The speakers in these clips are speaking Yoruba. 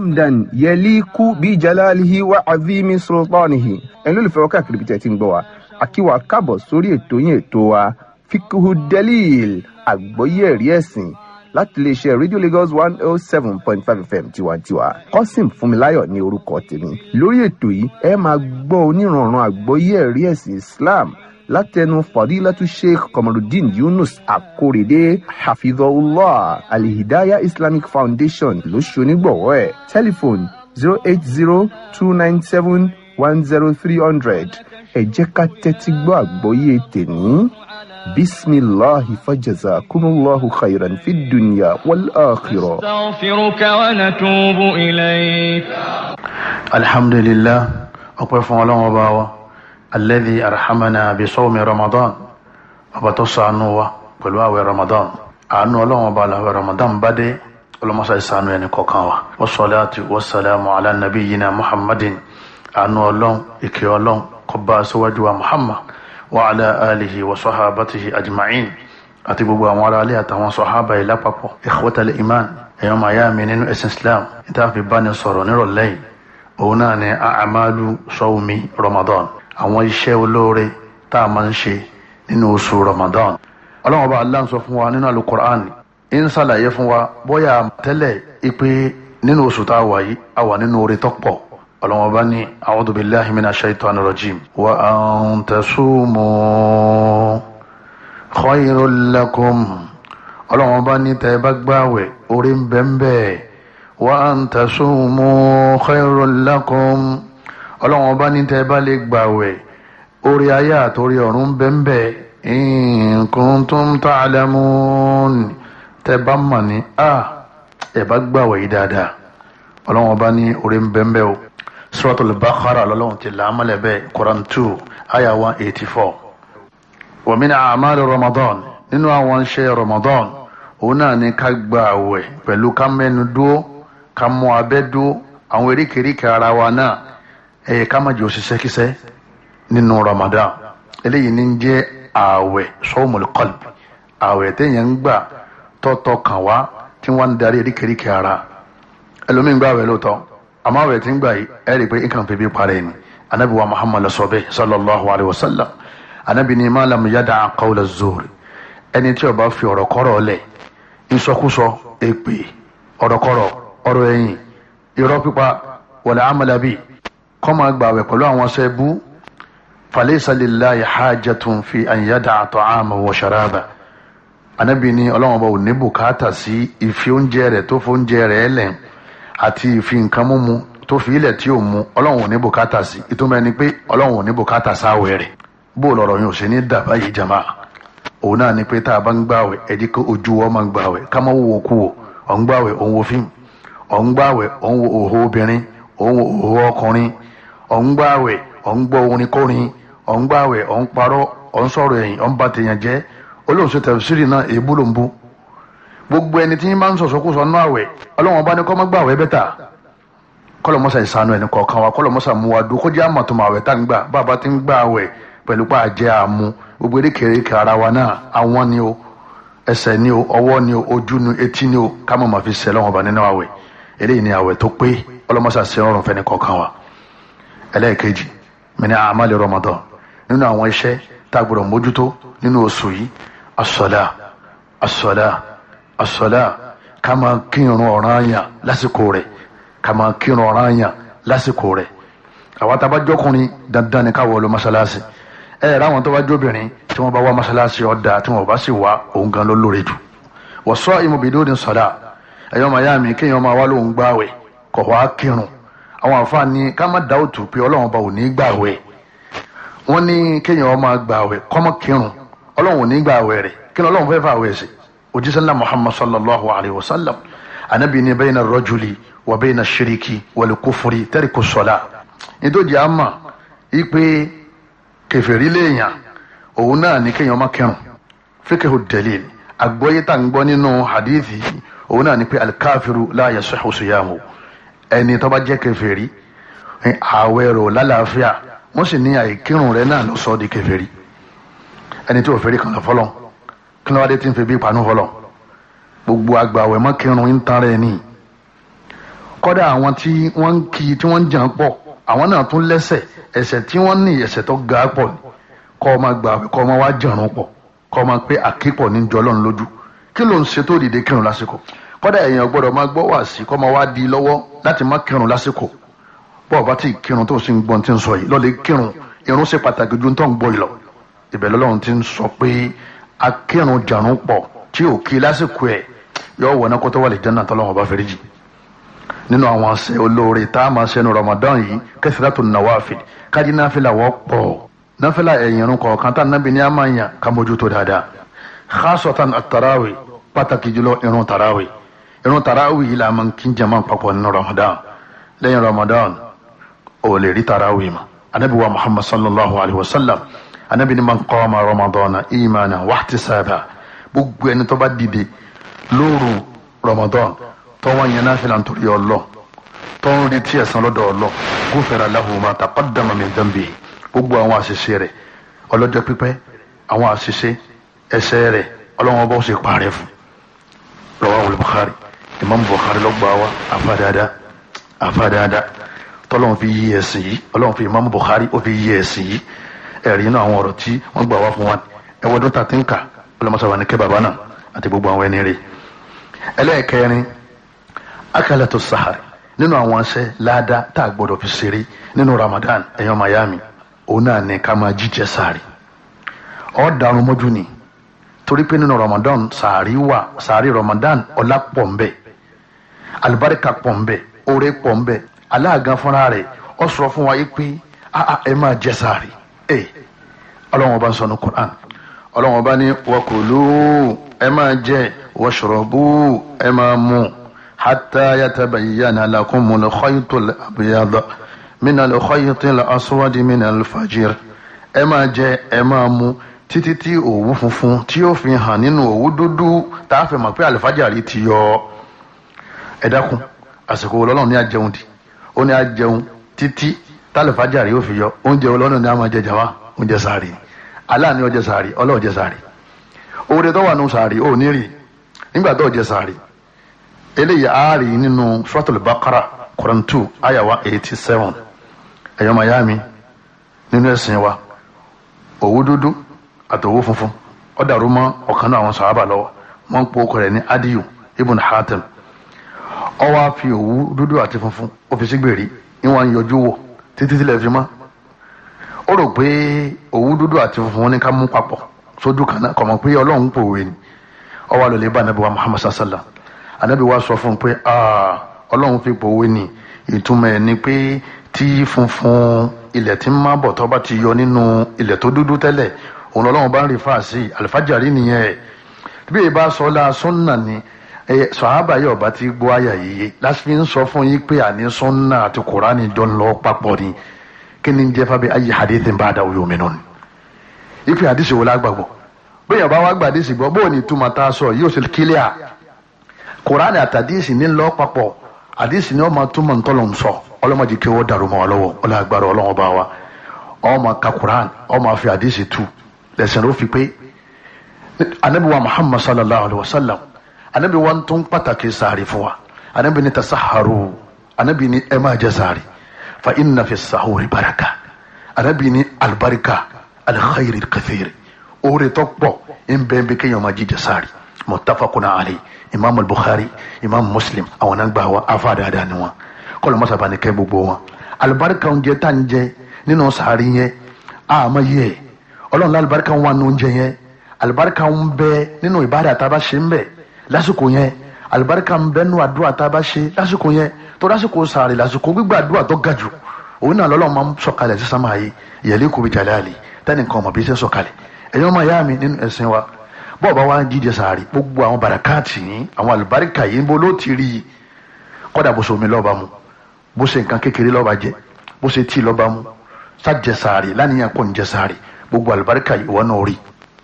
hamdan yaliku bi jalalihi wa azimi sultanihi ẹni lólùfẹ́ ọkọ̀ àkìrìbí tẹ̀ tí ń gbọ́ wa àkíwà kábọ̀ sórí ètò yín ètò wa fikihu delil àgbọ́yé ẹ̀rí ẹ̀sìn láti iléeṣẹ́ rédíò lagos one oh seven point five fm tiwantiwa kọ́sìm fúnmiláyọ̀ ní orúkọ tèmi lórí ètò yìí ẹ máa gbọ́ onírànràn àgbọ́yé ẹ̀rí ẹ̀sìn islam látẹnu fadilatu sheikh kamarudin yunus akorede hafidhullah alihidaya islamic foundation ló ṣonígbọ̀wọ́ ẹ̀ tẹlifon zero eight zero two nine seven one zero three hundred ẹ jẹ́ ká tẹ́tí gbọ́ àgbọ́yé tèmi bisimilahi fajaza kumulahu khairan fi dunya wal akhira. alhamdulilah ọpẹ́ fún Ọlọ́run ọba wa alladhi arhamana bisawmi ramadan ọba tó ṣàánú wa pẹ̀lú àwẹ̀ ramadan àánú ọlọ́run ọba làwẹ̀ ramadan bá dé ọlọ́mọṣà ìṣàánú ẹni kọ̀ọ̀kan wa wasalaatu wasalaamu ala nabiyyina muhammadin àánú ọlọ́run ìkẹ́ ọlọ́run kó bá aṣíwájú wa muhammad wa ala alihi wa sahabatihi ajma'in àti gbogbo àwọn ará alẹ́ àtàwọn sọ̀hábà yìí lápapọ̀ ikhwatal iman ẹ̀yọ́ máa nínú ẹ̀sìn islam níta bá ní sọ̀rọ̀ nírọ̀lẹ́yìn òun náà ni àmàlù sọ́wọ́mi ramadan àwọn iṣẹ́ olóore tá a máa ń ṣe nínú oṣù Ramadan ọlọ́run ọba Allah sọ fún wa nínú alukur'an ń ṣàlàyé fún wa bóyá tẹ́lẹ̀ ipe nínú oṣù tá a wà yìí a wà nínú oore tọ́pọ̀ ọlọ́run ọba ní a'udhu billahi minash shaitanir rajim wa an tasumu khayrun lakum ọlọ́run ọba ní tẹ́ ẹ bá gbààwẹ̀ oore ń bẹ́ẹ̀ bẹ́ẹ̀ wa an tasumu khayrun lakum ọlọ́run ọba ní tẹ́ ẹ bá lè gbàwẹ̀ orí ayé àtòrí ọ̀run bẹ́ẹ̀nbẹ́ in kuntum ta'lamun tẹ́ bá mọ̀ ní a ẹ bá gbàwẹ̀ yìí dáadáa ọlọ́run ọba ní orí bẹ́ẹ̀nbẹ́ o suratul Baqara lọ́lọ́run ti làámọ́lẹ̀ bẹ́ẹ̀ Quran two aya one eighty four wa min a'mali Ramadan nínú àwọn iṣẹ́ Ramadan òun náà ni ká gba àwẹ̀ pẹ̀lú ká mẹ́nu dúó ká mú abẹ́ dúó àwọn eríkèéríkèé ara wa náà ẹ ká má jẹ́ òṣìṣẹ́ kíṣẹ́ nínú Ramadan eléyìí ní jẹ́ ààwẹ̀ sọ́ọ̀mùlù kọ́lb ààwẹ̀ téèyàn ń gbà tọ́tọ́ kàn wá tí wọ́n ń darí eríkèéríkè ara ẹlòmíín gbà wẹ̀ lóòótọ́ àmọ́ àwẹ̀ tí ń gbà yìí ẹ rí i pé nǹkan fèbí parẹ́ ni anabi wa Muhammad sọ sallallahu alayhi wa sallam anabi ni ma lam yada'a qawla zuhri ẹni tí ó bá fi ọ̀rọ̀ kọ́rọ̀ lẹ̀ ìsọkúsọ èpè ọ̀rọ̀ kọ́rọ̀ ọ̀rọ̀ ẹ̀yìn irọ́ pípa wala amalabi kọ́ máa gbààwẹ̀ pẹ̀lú àwọn ọ̀sẹ̀ bú falaysa lillahi hajatun fi an yada'a ta'amahu wa sharaba anábì ní ọlọ́run ọba ò ní bùkátà sí ìfi oúnjẹ rẹ̀ tó fi oúnjẹ rẹ̀ lẹ̀ àti ìfi nǹkan múmu tó fi ilẹ̀ tí ò mu ọlọ́run ò ní bùkátà sí ìtumọ̀ ẹni pé ọlọ́run ò ní bùkátà sáwẹ̀ rẹ̀ bó lọ̀rọ̀ yín ṣe ní dàbá yìí jama òun náà ni pé tá a bá ń gbàwẹ̀ ẹ jẹ́ kí ojú wa máa gbàwẹ̀ ká wò kú wò ọ̀ ń gbàwẹ̀ òun wo fíìmù ọ̀ ń gbàwẹ̀ òun wo òhò obìnrin òun wo òhò ọkùnrin ọ̀ngbàwẹ̀ ọ̀ngbọ́ orinkorin ọ̀ngbàwẹ̀ ọ̀nparọ́ ọ̀nsọ̀rọ̀ ẹ̀yìn ọ̀nbàtẹ̀yàn jẹ́ olóòṣè tẹ̀síìrì náà èébú ló ń bú gbogbo ẹni tí yín bá ń sọ̀sọ́kùsọ nú àwẹ̀ ọlọ́wọ́n bá ní kọ́ mọ́gbàwẹ̀ bẹ́tà kọlọmọsà ìsànú ẹni kọ̀ọ̀kan wa kọlọmọsà mú wa dùn kó jẹ́ àmọ̀tòmọ̀ àwẹ̀ tá ń gbà bàbá gbogbo o ẹlẹ́ẹ̀kejì mini amali Ramadan nínú àwọn iṣẹ́ tá a gbọ́dọ̀ mójútó nínú oṣù yìí asọ́lá asọ́lá asọ́lá ká máa kírun ọ̀ranyàn lásìkò rẹ̀ ká máa kírun ọ̀ranyàn lásìkò rẹ̀ àwọn tá a bá jọkùnrin dandan ni ká wọ̀ lọ mọ́ṣáláṣí ẹ ẹ̀ ráwọn tó bá jóbìnrin tí wọ́n bá wá mọ́ṣáláṣí ọ̀dà tí wọ́n bá sì wá òun gan ló jù wọ́n sọ ìmọ̀bìdó ni sọ̀dá ẹ̀yọ́ àwọn àǹfààní ká má dá òtù pé ọlọ́run ọba ò ní gbààwẹ̀ wọ́n ní kéèyàn ọmọ gbààwẹ̀ kọ́mọ kírun ọlọ́run ò ní gbààwẹ̀ rẹ̀ kí ni ọlọ́run fẹ́ fà wẹ̀ sí òjíṣẹ́ ńlá muhammad sallallahu alayhi wa sallam anabi ni bayna rajuli wa bayna shiriki wal kufri tariku sola nítorí àmà ipe kẹfẹ́rí léèyàn òun náà ní kéèyàn ọmọ kírun fíkẹ́hù dalil àgbọ́yé ń gbọ́ nínú hadithi òun náà ní pé alkafiru la yasuhu siyamu ẹni tó bá jẹ́ kèfèrí ààwẹ̀ rò lálàáfíà wọ́n sì ní àìkírun rẹ̀ náà ló sọ di kèfèrí ẹni tí ò fẹ́rí kan lọ fọlọ́ kí ló wá dé tí ń fi bí ìpanu fọlọ́ gbogbo àgbàwẹ̀ mọ́ kírun ń tan rẹ̀ nìyí kọ́dà àwọn tí wọ́n ń kí tí wọ́n ń jàn pọ̀ àwọn náà tún lẹ́sẹ̀ ẹ̀ṣẹ̀ tí wọ́n ní ẹ̀ṣẹ̀ tó ga pọ̀ ni kọ́ ọmọ gbà kọ́ ọmọ wá jàrún pọ̀ kọ́ ọmọ pé àkípọ̀ ní jọlọ́run kọ́dà èèyàn gbọ́dọ̀ máa gbọ́ wà sí kọ́ máa wá di lọ́wọ́ láti má kírun lásìkò bọ́ ọba tí kírun tó sì ń gbọ́n ti ń sọ yìí lọ́lẹ̀ kírun irun ṣe pàtàkì ju tó ń gbọ́ yìí lọ ìbẹ̀ lọ́lọ́run ti ń sọ pé akírun jàrún pọ̀ tí ò kí lásìkò ẹ̀ yọ wọ̀ náà kó tó wà lè jẹ́ náà tọ́lọ́run ọba fẹ́rẹ́ jì nínú àwọn àṣẹ olóore tá a máa ṣe nu Ramadan yìí kẹsìlátò nàwáfìlì pàtàkì jùlọ irun tàràwì irun tarawih yìí la máa ń kí jama papọ̀ nínú ramadan lẹ́yìn ramadan ò lè rí tarawih ma anabi wa muhammad sallallahu alayhi wa sallam anabi ni man qama ramadan imana wahtisaba gbogbo ẹni tó bá dìde lóru ramadan tó wá yẹn náà fi lantoro yọ lọ tó ń retí ẹ̀san lọ́dọ̀ ọlọ gufira lahu ma taqaddama min dhanbihi gbogbo àwọn àṣìṣe rẹ̀ ọlọ́jọ́ pípẹ́ àwọn àṣìṣe ẹ̀ṣẹ̀ rẹ̀ ọlọ́wọ́n bọ́ ṣe parẹ́ fún rawahu al imam bukhari ló gbà wá afa dáadáa afa fi yí ẹ̀sìn yìí ọlọ́wọ́n fi imam bukhari ó fi yí ẹ̀sìn yìí ẹ̀rí inú àwọn ọ̀rọ̀ tí wọ́n gbà wá fún wa ẹ̀wọ́dún tà ti ń kà ọlọ́mọṣàwà ní kẹ́ bàbá náà àti gbogbo àwọn ẹni rè ẹlẹ́ẹ̀kẹrin akalẹ̀tò sahari nínú àwọn aṣẹ láàdá tá a gbọdọ̀ fi ṣeré nínú ramadan ẹ̀yọ́ miami òun náà ní ká máa jíjẹ sahari ọ̀ dàrú mọ́jú ni torí pé nínú ramadan sahari wà sahari ramadan ọ̀la pọ̀ alibarika pọ̀ ń bẹ oore pọ̀ ń bẹ aláàgán fúnra rẹ̀ ọ sọ fún wa yìí pé ah, ah, ẹ máa jẹ sààrì ẹ ọlọ́run ọba sọ ní Qur'an ọlọ́run ọba wakulu ẹ máa jẹ washrabu ẹ máa mu hatta yatabayyana lakumul khaytul abyad minal khaytil aswad minal fajr ẹ máa jẹ ẹ máa mu títí tí òwú funfun tí yóò fi hàn nínú òwú dúdú tá a fi mọ̀ pé àlùfájàrí ti yọ ẹ dákun àsìkò ọlọ́run ní àjẹun di ó ní àjẹun títí tálífàjàrí ó fi yọ oúnjẹ ọlọ́run ní a máa jẹ jàwá oúnjẹ sàárì aláàánú ọjẹ sàárì ọlọ́run jẹ sàárì oore tó wà nù sàárì ò ní rí nígbà tó jẹ sàárì eléyìí a rí nínú suratul Baqara Quran two ayawa eighty seven ẹ̀yọ́ mayami nínú ẹ̀sìn wa òwú dúdú àtòwú funfun ó dàrú mọ́ ọ̀kan náà àwọn sàhábà lọ́wọ́ wọ́n ń po rẹ̀ ní adiyu ibùn hatem ó wá fi òwú dúdú àti funfun ó fi sígbèrè ìwọ̀n yọjú wò títí tilẹ̀ fi mọ́ ó rò pé òwú dúdú àti funfun ní ká mú papọ̀ sójú kan náà kò pé ọlọ́run pòwe ni ó wá lọlé bá anabi wa muhammad sassala anabi wa sọ fún un pé ọlọ́run fi pòwe ni ìtumọ̀ ẹ̀ ni pé tí funfun ilẹ̀ tí ń má bọ̀ tó bá ti yọ nínú ilẹ̀ tó dúdú tẹ́lẹ̀ òun ọlọ́run bá ń rí fáàsì àlùfáàjàrí nìyẹn bí ìbá sọ la sunna ni sọ̀hábà yóò bá ti gbọ́ àyà yìí lásìkò ń sọ fún yín pé àní sunna àti kùránì jọ ń lọ papọ̀ ni kí ni jẹ́ fábí ayé hadithin bá dà wíwọ́n mìíràn ni ìpè àdìsí wo lágbàgbọ́ bóyá bá wá gbàdísì gbọ́ bóyá ní túmọ̀ tá a sọ yóò ṣe kílíà kùránì àtàdísì ní lọ papọ̀ àdìsí ni wọ́n máa túmọ̀ ntọ́lọ̀ ń sọ ọlọ́mọdé kí wọ́n dàrú mọ́ ọlọ́wọ́ ọlọ́gbàrá ọlọ́wọ́ bá wa ó tu lẹ́sìn ló fi muhammad sallallahu alayhi wa sallam anabi wa tó ń pàtàkì sàárì fún wa anabi ni tasaharu anabi ni ẹ máa jẹ sàárì fa ina fi sahuri baraka anabi ni albarika alikhairi kathiri oore tó pọ̀ ń bẹ́ẹ̀ bí kéèyàn máa jíjẹ sàárì muttafaqun alayhi imam al-bukhari imam muslim àwọn náà gbà wá afa dáadáa ni wọn kọlọ mọ sábà ní kẹ gbogbo wọn alibarika oúnjẹ tá ń jẹ nínú sàárì yẹn àmọ́ yẹ ọlọ́run alibarika wọn nù oúnjẹ yẹn alibarika ń bẹ nínú ìbáda tá ṣe ń bẹ́ẹ̀ lásìkò yẹn alibarika ń bẹnu àdúrà tá a bá ṣe lásìkò yẹn tó lásìkò sàárè lásìkò gbígbà àdúrà tó ga jù òun náà lọ́lọ́ máa ń sọ̀kalẹ̀ sí sámà yìí ìyẹ̀lẹ́ kò bí jalẹ́ àlè tẹ́nì kan ọmọ bí ṣe sọ̀kalẹ̀ ẹ̀yọ́ máa yá mi nínú ẹ̀sìn wa bọ́ọ̀ bá wá ń jíjẹ sàárè gbogbo àwọn bàràkáàtì yìí àwọn alibarika yìí ń bó ló ti rí i kọ́dà bó so omi lọ́ba mu bó ṣe nǹkan kékeré lọ́ba jẹ mu sájẹ sàárè lánìyàn kò ń jẹ sàárè gbogbo alibarika yìí wọ́n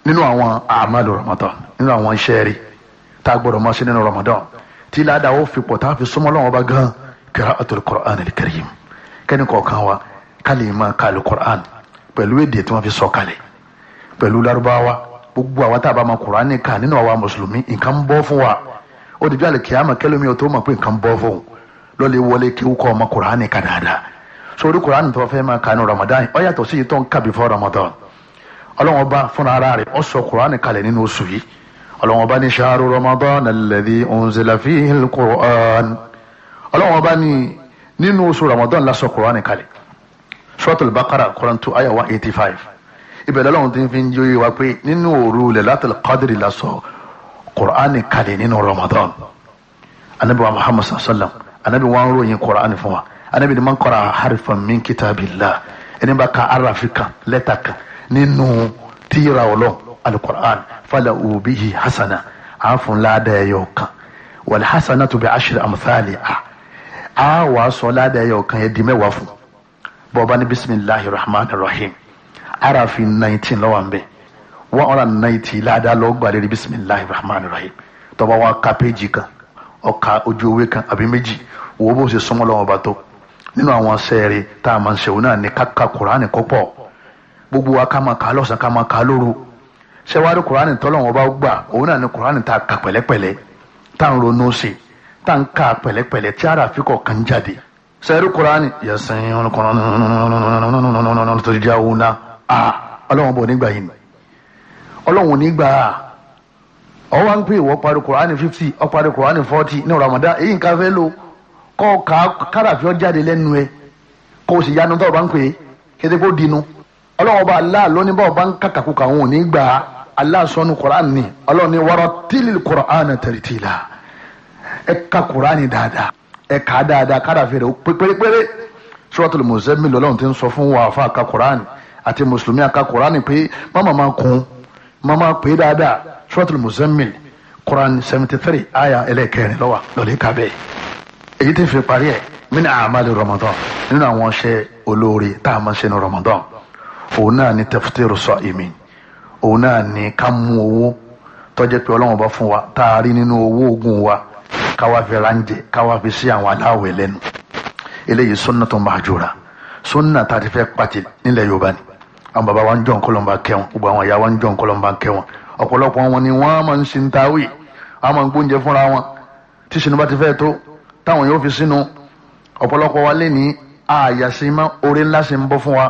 Ramadan nínú àwọn iṣẹ́ rí tá a gbọ́dọ̀ máa ṣe nínú Ramadan tí ládàá ó fi pọ̀ tá a fi súnmọ́ lọ́wọ́ bá gan qira'atul Qur'an al-Karim kẹ́ni kọ̀ọ̀kan wa ká lè máa ka al-Qur'an pẹ̀lú èdè tí wọ́n fi sọ kalẹ̀ pẹ̀lú Lárúbáwá gbogbo àwa tá a bá ma Qur'an nìkan nínú àwa mùsùlùmí nǹkan ń bọ́ fún wa ó dìbí àlùkìyàmà kẹlẹ́mi ọ̀tọ́ mọ̀ pé nǹkan ń bọ́ fún lọ́lẹ̀ wọlé kí wọ́n kọ́ ọmọ Qur'an nìkan dáadáa Ramadan ó yàtọ̀ sí before Ramadan ọlọ́wọ́n bá fúnra ara rẹ̀ ó ọlọ́run ọba ní ṣaaru ramadan alladhi unzila fihi al-Qur'an ọlọ́run ọba ní nínú oṣù ramadan la sọ Qur'an kalẹ̀ suratul Baqara Qur'an two ayah one eighty five ibẹ̀ lọ́lọ́run ti fi ń jó yé wa pé nínú òru Lailatul Qadr la sọ Qur'an kalẹ̀ nínú ramadan anabi wa muhammad sallam anabi wa ń ròyìn Qur'an fún wa anabi ni man qara'a harfan min kitabillah ẹni bá ka arafi kan lẹ́tà kan nínú tíra ọlọ́ alukur'an fala ubihi hasana a fún ládà ẹyọ kan wal hasanatu bi ashri amthaliha a wà sọ ládà ẹyọ kan yẹ di mẹ́wàá fún bọba ní bisimilahi rahman rahim arafin nineteen lọ́wọ́ nbẹ one hundred and ninety ládà lọ́gbàlérí bisimilahi rahman rahim tọba wa ka péjì kan ọka ojú ewé kan àbí méjì wo bó ṣe súnmọ́ lọ́wọ́ bá tó nínú àwọn sẹ́ẹ̀rì tá a máa ń ṣe òun náà ní káka gbogbo wa ká máa kà á lọ́sàn-án ká máa ṣé wàá rí kuraani tọ́lọ́wọ́n bá gbà òun náà ni kuraani tá a pẹ̀lẹ́pẹ̀lẹ́ tá a ronú sí tá a ń pẹ̀lẹ́pẹ̀lẹ́ tí ara fi kọ̀ọ̀kan jáde sẹ́rí kuraani yẹ̀sìn ọ̀nàkọ̀nà tó a ọlọ́wọ́n nígbà yìí ọlọ́wọ́n nígbà ọ wá ń pè wọ́n parí ọ parí forty ní Ramadan èyí nǹkan fẹ́ kọ́ kára fi ọ́ jáde lẹ́nu ẹ kó o sì yanu tó o bá ń pè é kété kó dinu ọlọ́wọ́n bá a láàlọ́ ní bá o bá Allah sọ nu Quran ni Ọlọ́run ni warattilil Quran tartila ẹ ka Quran dáadáa ẹ kà á dáadáa kára fèrè pérépéré Suratul Muzammil Ọlọ́run ti ń sọ fún wa àfa ka Quran àti mùsùlùmí àka Quran pé mama máa kún mama pé dáadáa Suratul Muzammil Kuran seventy three aya ẹlẹ́kẹrin lọ́wọ́ lọ́lẹ́ kábẹ́ èyí ti fi parí ẹ̀ amali Ramadan nínú àwọn ṣe olóore tá a máa ṣe ní Ramadan òun náà ni taftiru sa'imin òun náà ní ká mú owó tó jẹ́ pé ọlọ́run bá fún wa tá a rí nínú owó oògùn wa káwá fi ránjẹ káwá fi sí àwọn aláwẹ̀ lẹ́nu eléyìí sunna tó mahjura sunna tá a ti fẹ́ pàtì nílẹ̀ yorùbá ni àwọn bàbá wa ń jọ nkọlọ́mbà kẹwọn gbogbo àwọn ìyá wa ń jọ nkọlọ́mbà kẹwọn ọ̀pọ̀lọpọ̀ wọn ni wọ́n máa ń sin táwì wọ́n máa ń gbóúnjẹ fúnra wọn tí sinú ti fẹ́ tó táwọn yóò fi sínú ọ̀pọ̀lọpọ̀ wa lé ní àyàsímọ́ orí ńlá sì ń bọ́ fún wa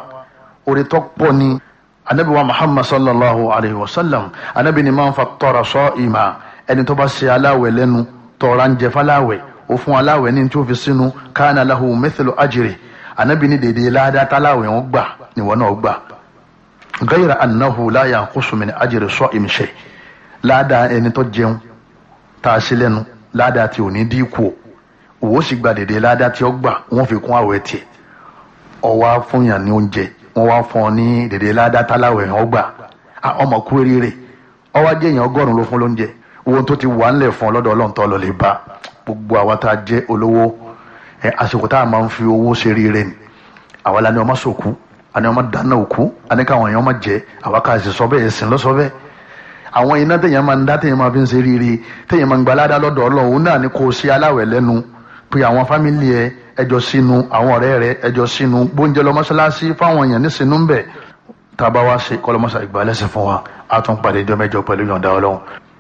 orí tó ni anabi wa muhammad sallallahu alayhi wa sallam anabi ni máa ń fa tọrọ sọ ìmà ẹni tó bá ṣe aláwẹ̀ lẹ́nu tọrọ ń jẹ faláwẹ̀ ó fún aláwẹ̀ ní tí ó fi lahu mithlu ajri anabi ni dèdè ládàá táláwẹ̀ wọn gbà níwọ náà gbà gayra annahu la yanqusu min ajri sa'im shay ládàá ẹni tó jẹun tá a ṣe lẹ́nu ládàá tí ò ní dínkù òwò gba dèdè ládàá tí ó gbà wọn fi kún àwẹ̀ tiẹ̀ ọwọ́ afúnyàn ní oúnjẹ wọ́n wá fún ọ ní dèdè ládátàláwẹ̀ ọgbà ọmọ kú eríire ọwọ́ ajé èèyàn ọgọ́rùn ló fún lóúnjẹ owó tó ti wà ńlẹ̀ fún ọlọ́dọ̀ ọlọ́run tó lọ lè bá gbogbo àwa tá a jẹ́ olówó ẹ àsìkò tá a máa ń fi owó ṣe ríire ni àwa la ni ọmọ sòkú àni ọmọ dáná òkú àni káwọn èèyàn máa jẹ àwa ká sì sọ bẹ́ẹ̀ ẹ̀sìn lọ́sọ bẹ́ẹ̀ àwọn iná téèyàn máa ń dá téèyàn máa fi ń ṣe ríire téèyàn máa ń gbaládá lọ́dọ̀ ọlọ́run náà ni kò sí aláwẹ̀ lẹ́nu pe àwọn fámìlì ẹ ẹjọ sínú àwọn ọ̀rẹ́ rẹ ẹjọ sínú bóúnjẹ lọ mọ́ṣáláṣí fáwọn èèyàn ní sínú ń bẹ̀ tábà wá ṣe kọlọmọṣà ìgbàlẹ́sìn fún wa a tún pàdé ìjọ mẹ́jọ pẹ̀lú yọ̀ǹda ọlọ́run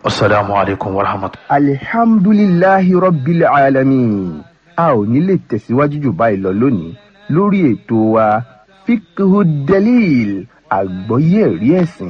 asalaamu alaykum wa rahmatulah. alihamdulilahi rabbil alamin a ò ní lè tẹ̀síwájú jù báyìí lọ lónìí lórí ètò wa fikhu delil àgbọ́yé ẹ̀rí ẹ̀sìn.